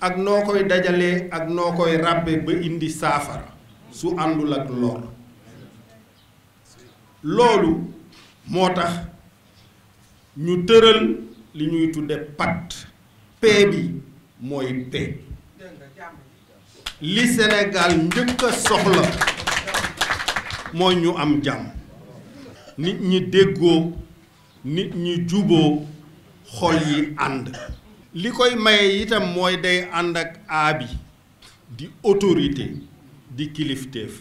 ak noo koy dajalee ak noo koy ràbbe ba indi saafara su àndul ak lor loolu moo tax ñu tëral li ñuy tudde pacte paix bi mooy paix li Sénégal njëkk a soxla mooy ñu am jàmm nit ñi déggoo nit ñi juboo xol yi ànd li koy maye itam mooy day ànd ak aabi di autorité di kilifteef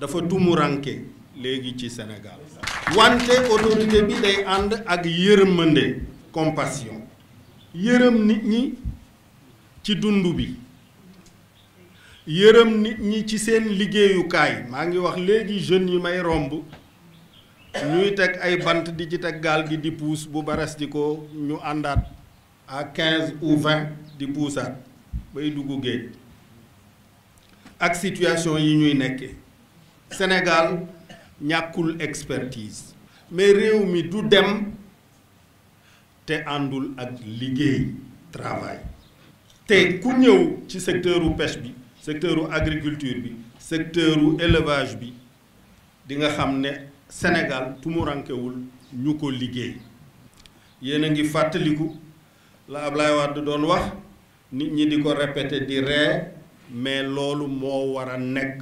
dafa tumuranke léegi ci senegal wante autorité bi day ànd ak yërmande compassion yërëm nit ñi ci dund bi yërëm nit ñi ci seen liggéeyukaay maa ngi wax léegi jeunes yi may romb ñuy teg ay bant di ci teg gaal gi di puus bu baras di ko ñu àndaat à 15 ou 20 de Poussard, Bay Dougougé. La situation est Le Sénégal n'a pas expertise. Mais Réumi Doudem est en train de travail. Té kunyou, ci secteur ou pêche, bi, secteur ou agriculture, bi, secteur ou élevage, bi, di nga xamne Sénégal, tout le monde est en train Il y a des la Ablaye wad doon wax nit ñi di ko répéter di ré mais loolu moo war a nekk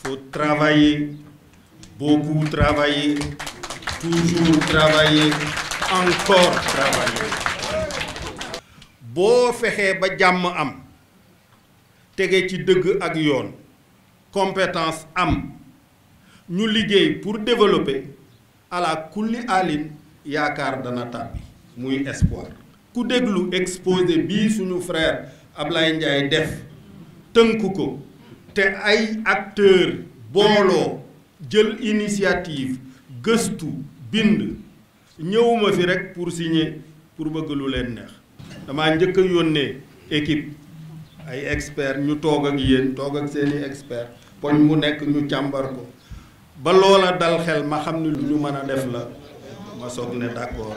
faut travailler beaucoup travailler toujours travailler encore travailler boo fexee ba jàmm am tege ci dëgg ak yoon compétence am ñu liggéey pour développer à la kulli alin yaakaar dana tàbbi muy espoir ku déglu exposé bii suñu frère Ablaye Ndiaye def tënk ko te ay acteurs bolo jël initiative gëstu bind ñëwuma fi rek pour signer pour bëgg lu leen neex dama njëkk a équipe ay experts ñu toog ak yeen toog ak seeni experts poñ mu nekk ñu càmbar ko ba loola dal xel ma xam lu ñu mëna def la ma soog ne d'accord